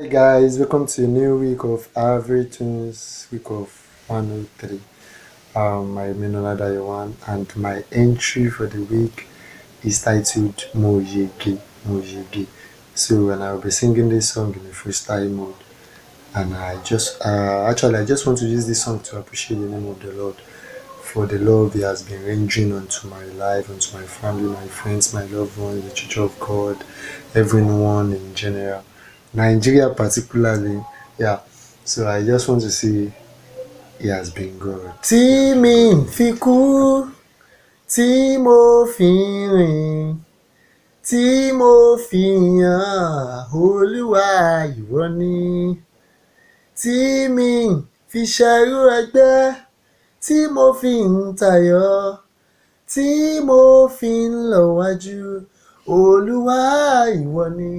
Hey guys, welcome to a new week of Tunes, Week of 103. Um, my main another one, and my entry for the week is titled Mojigi. Mojigi. So, and I'll be singing this song in a freestyle mode. And I just, uh, actually, I just want to use this song to appreciate the name of the Lord for the love He has been ranging onto my life, onto my family, my friends, my loved ones, the Church of God, everyone in general. Nigeria particularly, yeah. So I just want to say he has been good. Tí mi fi kú, tí mo fi rìn, tí mo fi yàn Olúwa ìwọ ni. Tí mi fi ṣerú ẹgbẹ́, tí mo fi ń tayọ, tí mo fi ń lọ wájú Olúwa ìwọ ni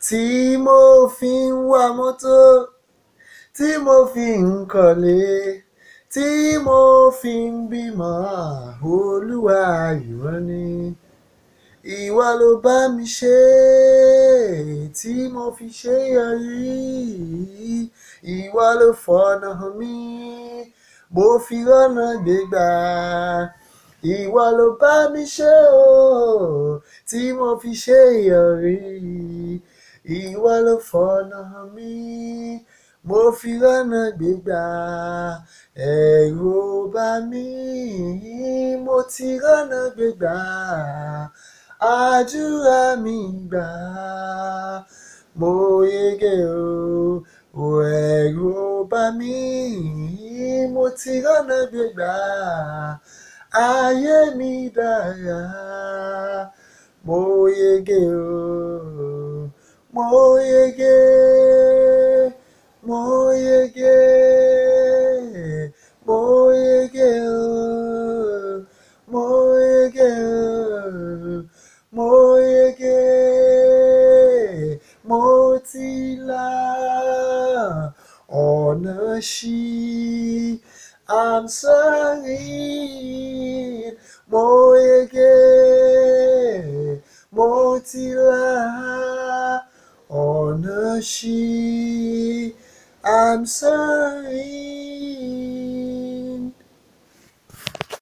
tí mo fi ń wa mọ́tò tí mo fi ń kọ́lé tí mo fi ń bímọ olúwa ìwọ ni ìwọ ló bá mi ṣe tí mo fi ṣe yọrí ìwọ ló fọ̀nà mi mo fi rọ́nà gbégbá ìwọ ló bá mi ṣe o tí mo fi ṣe yọrí ìwọ ló fọ̀nà mi mo fi rọ́nà gbégbà ẹ̀rù ò bà mí mo ti rọ́nà gbégbà àdúrà mi gbà mo yege o ẹ̀rù ò bà mí mo ti rọ́nà gbégbà ayé mi dára mo yege o. Moyege, Moyege, Moyege, Moyege, Moyege, Motila, Onashi, I'm singing, Moyege, Motila she. I'm sorry.